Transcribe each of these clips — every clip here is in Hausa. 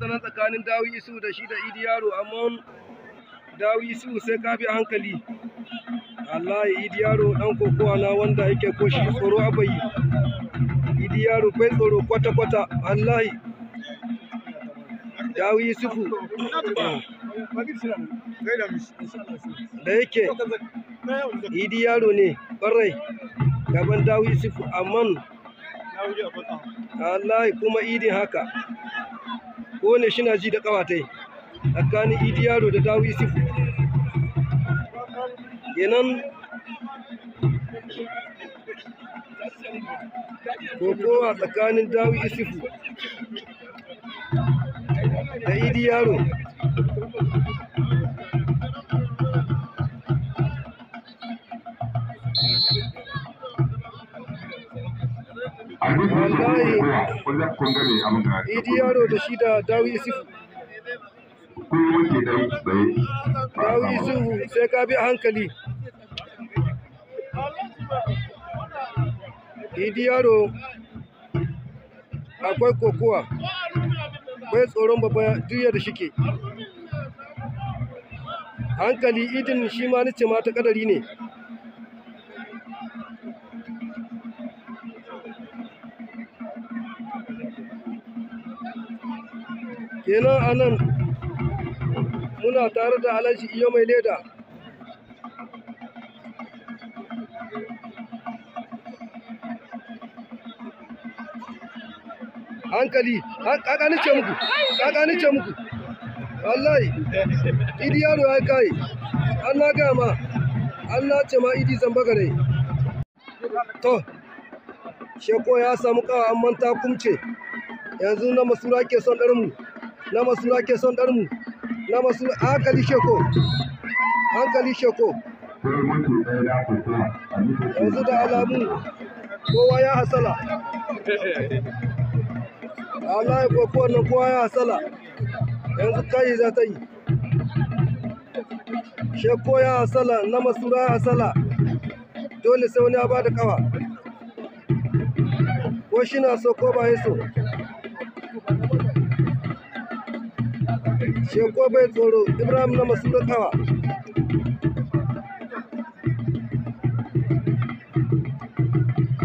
sanan tsakanin dawi isu da shi da idi yaro amma dawi isu sai ka bi hankali wallahi idi yaro dan kokowa na wanda yake ko shi tsoro abayi idi yaro bai tsoro kwata kwata Allah dawi isufu da yake idi yaro ne barai gaban dawi isu amma Allah kuma idi haka kone shi na ji da kawatai tsakanin idi yaro da dawo isifu kenan kokowa tsakanin dawo isifu da idi yaro wallahi idi yaro da shi da dawi isufu dawi isufu sai ka bi a hankali idi yaro akwai kokowa bai tsoron babba duk da shike hankali idin shi ma nace ma ta kadari ne kenan nan, muna tare da alhaji iyo mai leda hankali kakani ce muku kakani ce muku wallahi idi yaro ya kai an na gaya ma an na ce ma idi zan bagare to sheko ya samu kawa an manta kumce yanzu na masura ke son ɗarmu na masu ke son darmu na masu hankali sheko hankali sheko yanzu da alamu kowa ya hasala Allah ya kofi nan kowa ya hasala yanzu kai za ta yi sheko ya hasala na masu ya hasala dole sai wani ya ba da kawa ko shi na so ko ba ya so sheko bai tsoro ibrahim na masu kawa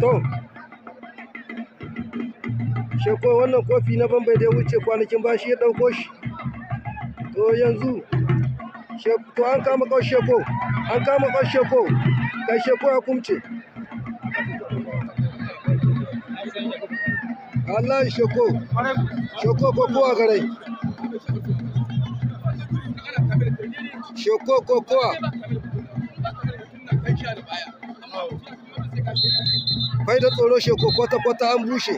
to sheko wannan kofi na bambai da ya wuce kwanakin bashi ya ɗauko shi to yanzu to an kama kawai sheko an kama kawai sheko kai sheko ya kumce Allah sheko sheko ko kowa garai shoko kokowa fai da tsoro sheko kwata-kwata an bushe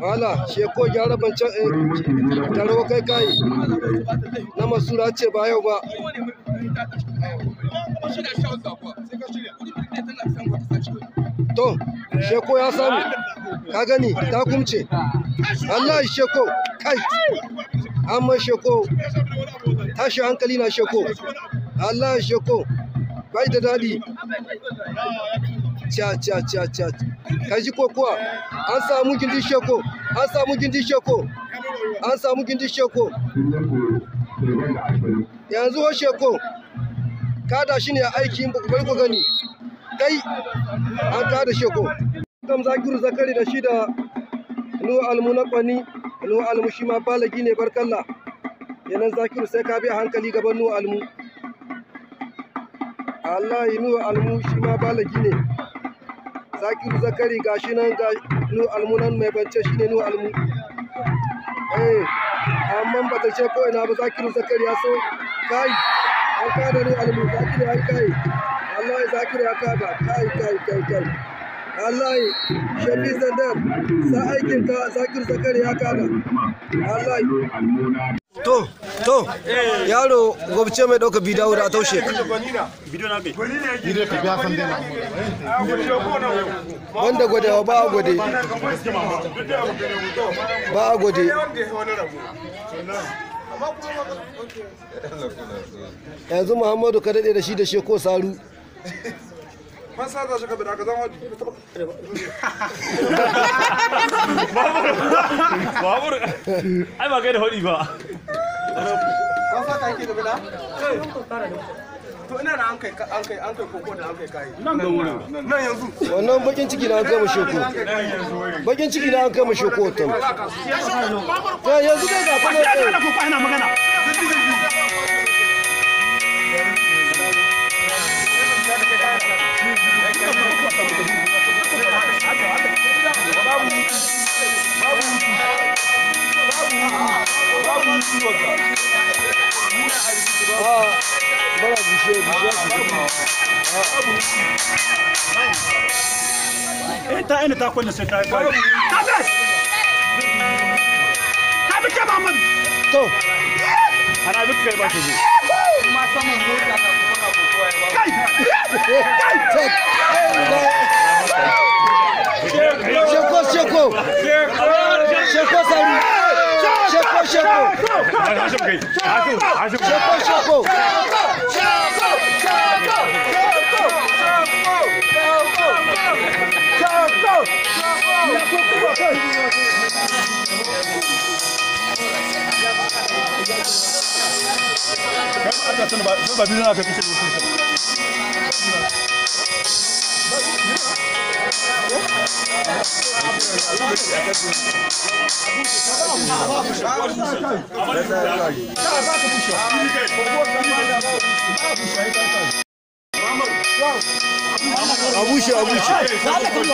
wala sheko gyara bancan eh, tarawa kai kayi na masura ce ba yau ba to sheko ya samu. ka gani ta kumce Allah ya sheko kai amma sheko tashi hankali na sheko Allah ya sheko bai da dadi cha cha cha cha kai ji kokowa an samu gindi sheko an samu gindi sheko an samu gindi sheko yanzu wa sheko kada shi ne aiki in ba ku gani kai an da sheko kam zakiru zakari da shi da lo almunaqqani lo almu shi ma balagi ne barkalla yanan zakiru sai ka bi a hankali gaban nu almu Allah yi nu almu shi ma balagi ne zakiru zakari gashi nan ga nu almu nan mai bance shi ne nu almu eh amma ba ta ce ko ina ba zakiru zakari ya so kai an kada nu almu zakiru ya kai Allah ya zakiru ya kada kai kai kai kai Allah wallahi shafi sadar sa aikin ka zakir zakari ya Allah wallahi to to yaro gobce mai dauka bidawo da taushe wanda gwadawa ba a gwade ba a gwade yanzu muhammadu ka daɗe da shi da sheko saru Man sa za shi ka bida ka zama Ai ba kai da To ina an kai an kai koko da an kai kai. Nan ga wurin. Nan yanzu. Wannan bakin ciki na an kama shoko. Bakin ciki na an kama shoko hoton. Yanzu dai ga kuma. Ya magana. in eh, ta ina ta kunna sai ta yi kwari tabbas ta bi kyama mun to ana bi kai ba ta zo kuma saman mota ta kuma ko kowa ya ba kai kai Sheko sheko sheko sheko. sheko sheko sheko sheko Arkasını bak, bak birinin arkasını çek. Abuşa, abuşa. Abuşa, abuşa.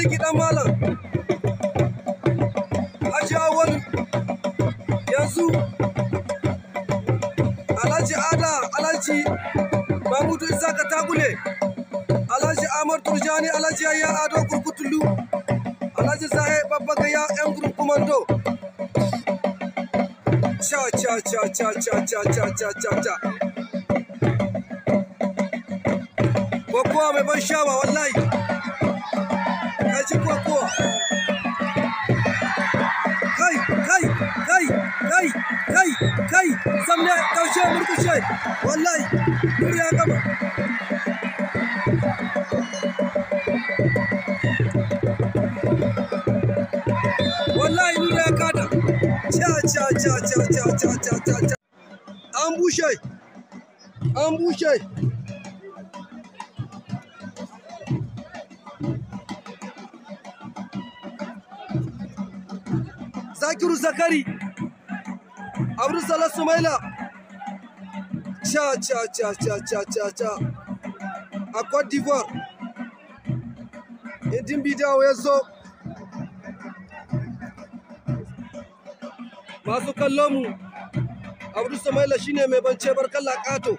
maliki dan malam Haji Awal yanzu Alhaji Ada Alhaji Mahmudu Isaka Tagule Alhaji Ahmad Turjani Alhaji Yahya Ado Kurkutulu Alhaji Zahe Babba Gaya yan group commando cha cha cha cha cha cha cha cha cha mai ban shawa wallahi mai cin kokowa kai kai kai kai kai kai samne kaushe murkushe wallahi duri ya gama wallahi ya kada cha cha Badru Zakari Abdul Salah Sumaila Cha cha cha cha cha cha cha a Côte d'Ivoire Idin e Bidawo ya zo masu kallon Abdul Sumaila shine mai bance barkan lakato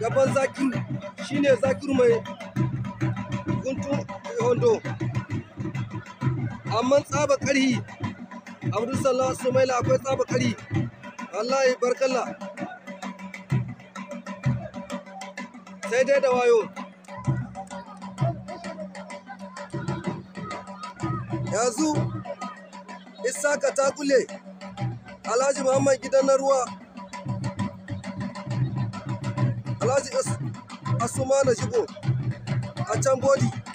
gaban Zakir shine Zakir mai guntun Hondo amma tsaba ƙarhi abdulsallah sumaila akwai tsaba ƙarhi wallahi barkalla sai dai da wayo yanzu isaka ta kule alhaji muhammad gidan na ruwa alhaji asuma na shigo a can bodi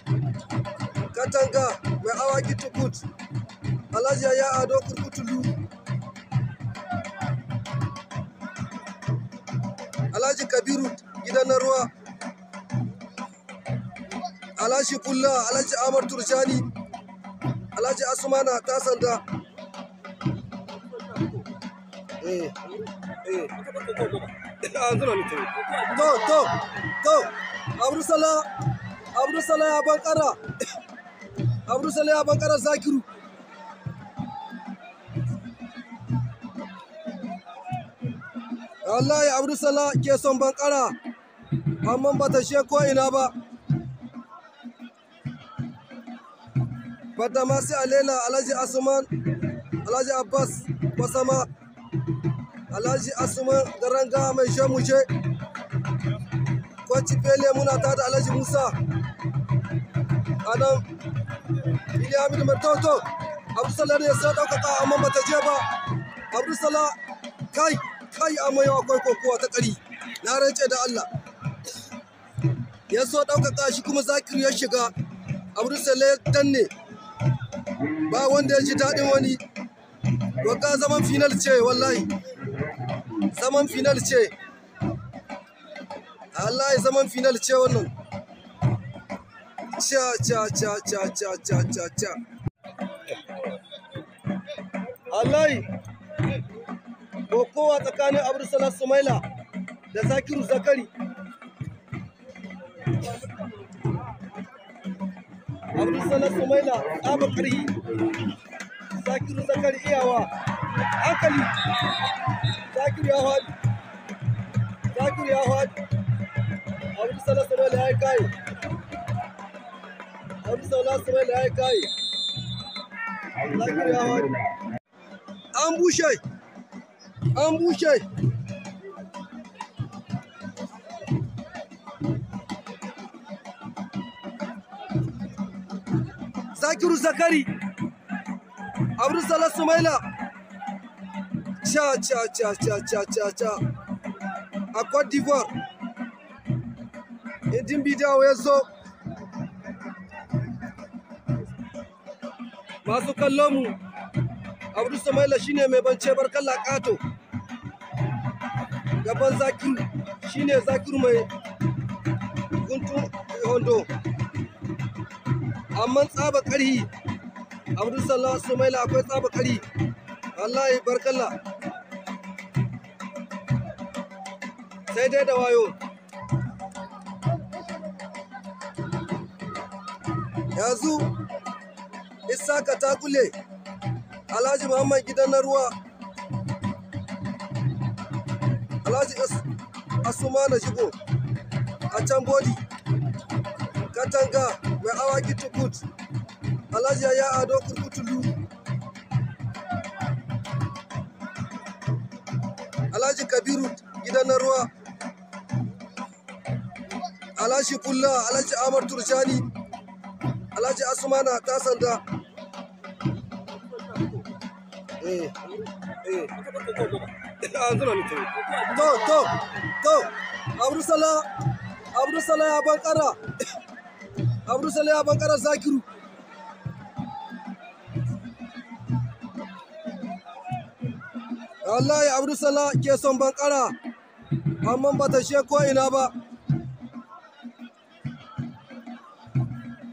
katanga mai awaki tukut alhaji ya ado kurkutulu alhaji kabiru gidan na ruwa alhaji kulla alhaji amar turjani alhaji asumana ta sanda eh, eh to to to abdusala abdusala ya bankara abu sale a bangaren zakiru wallahi abu sala ke son bankara amma ba ta she ko ina ba fata ma sai alela alhaji asuman alhaji abbas kwasama alhaji asuman garanga mai shemushe kwanci fele muna ta da alhaji musa a Iliya Abin Martoto, Abdulsala ne sai ɗaukaka amma bata je ba. kai kai amma yau akwai kokowa ta ƙari. Na rance da Allah. Ya so ɗaukaka shi kuma Zakir ya shiga. Abdulsala ya danne. Ba wanda ya ji dadin wani. Waka zaman final ce wallahi. Zaman final ce. Allah zaman final ce wannan. Cha cha cha cha cha cha cha cha. Allahi. Kokowa tsakanin Abdulsalam Sumaila da Zakiru Zakari. Abdulsalam Sumaila tsaba ƙarhi. Zakiru Zakari iyawa. Hankali. Zakiru ya faɗi. Zakiru ya faɗi. Abdulsalam Sumaila ya kai. An bushe! An bushe! Zakiru Zakari, Abdul Salah Sumaila, cha cha cha cha cha cha cha, a Cote d'Ivoire, Idin Bidawa ya zo. masu kallon mu abdu samaila ne mai bance barkan lakato gaban shi shine zakiru mai guntu hondo amma tsaba karhi abdu samaila akwai tsaba karhi wallahi barkalla sai dai da wayo yanzu ta takule alhaji muhammad gidan na ruwa alhaji asumana na shigo a can bodi katanga mai awaki tukut alhaji ya ado kurkutulu alhaji kabiru gidan na ruwa alhaji kulla alhaji amar turjani alhaji asumana ta sanda to to to abdusala abdusala ya bankara abdusala ya bankara zakiru wallahi abdusala ke son bankara amma ba ta she ko ina ba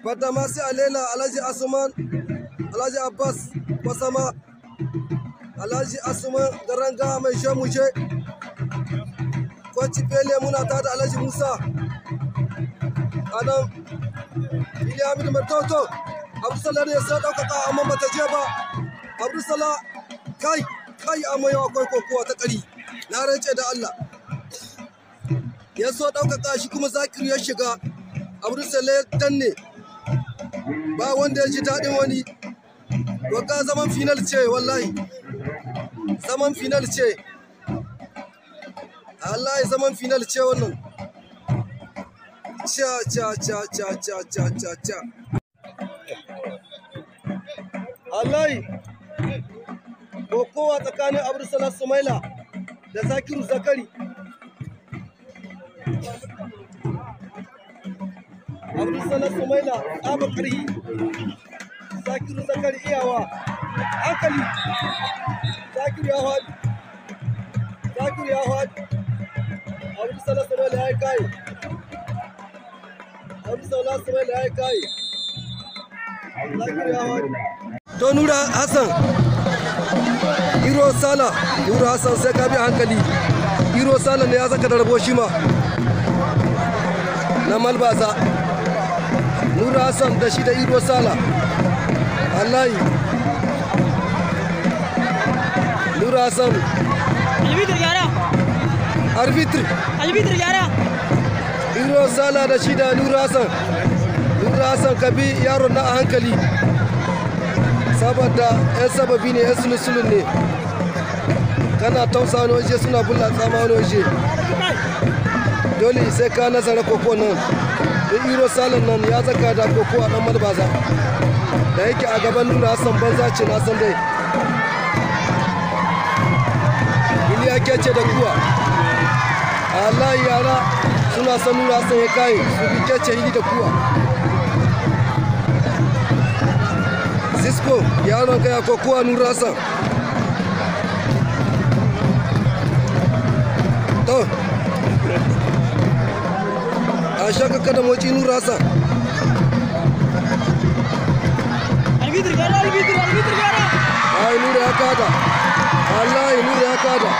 fata masu sai alela alhaji asuman alhaji abbas wasama alhaji asuma garanga mai shemushe kwanci fele muna ta da alhaji musa a nan iliyamin martoto abdulsala ne sai ɗaukaka amma bata je ba abdulsala kai kai amma yau akwai kokowa ta ƙari na rance da allah ya so ɗaukaka shi kuma zakir ya shiga abdulsala ya danne ba wanda ya ji daɗin wani Waka zaman final ce wallahi zaman final ce Allah ya zaman final ce wannan cha cha cha cha cha cha cha cha Allah kokowa tsakanin Abdulsalam Sumaila da Zakiru Zakari Abdulsalam Sumaila Abu Karhi Zakiru Zakari iyawa hankali Zakir ya faɗi. Zakir ya faɗi. Abdul Salah Sumaila ya kai. Abdul Salah Sumaila ya kai. Zakir ya faɗi. To Nura Hassan. Iro Sala, Nura Hassan sai ka bi hankali. Iro Sala ne ya saka da rabo Na Malbasa. Nura Hassan da shi da Iro Sala. Wallahi Mansour Hassan. Yara. gyara. Arbitir. Yara. Iro Sala da shi da Nura Hassan. Nura Hassan ka bi yaron na a hankali. Saboda 'yan sababi ne 'yan sulusulun ne. Kana tausa wani waje suna bulla tsama wani waje. Dole sai ka nazara koko nan. Da Iro Sala nan ya zaka da koko a ɗan malbaza. Da yake a gaban Nura Hassan banza ce na san dai. kuliya ke ce da kuwa Allah yara suna son nuna sun kayi su ke ce hidi da kuwa Cisco yaron kaya nura san to a shaka kada moci nura san Albitir gara albitir albitir gara Ai nura ya kada Allah ya ya kada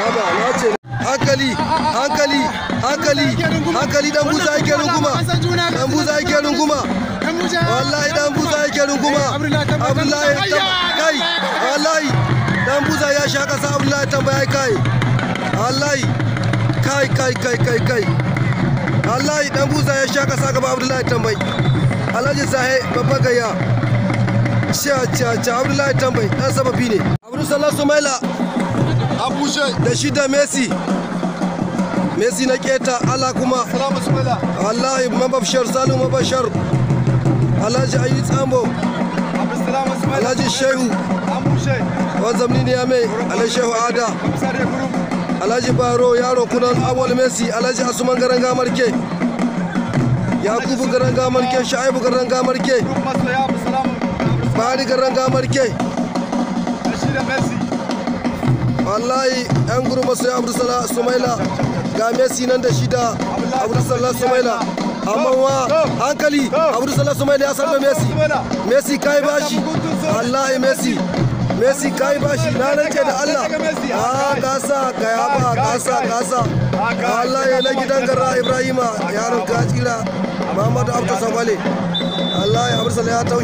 haba na ce hankali hankali hankali hankali dan buza yake runguma dan buza yake runguma wallahi dan buza yake runguma abdullahi kai wallahi dan buza ya sha kasa abdullahi tambaya kai wallahi kai kai kai kai kai wallahi dan buza ya sha kasa gaba abdullahi tambayi alhaji zahe babban gayya cha cha cha abdullahi tambayi dan sababi ne abdulsalam sumaila abushe da shi da messi messi na keta ala kuma wallahi mabashar salu mabashar alhaji ayi tsambo alhaji shehu wanzamni ne ya mai alhaji shehu ada alhaji baro yaro kunan awal messi alhaji asuman garan gamarke yakubu garan gamarke sha'ibu garan gamarke bari garan gamarke shi da messi wallahi yan gurma sai abdulsala sumaila ga messi nan da shi da abdulsala sumaila amma wa hankali abdulsala sumaila ya sarba messi messi kai bashi wallahi messi messi kai bashi na rance da allah a ah, gasa ka ya ba gasa gasa wallahi na gidan garra ibrahima yaron ka tsira muhammadu abdulsala wallahi abdulsala ya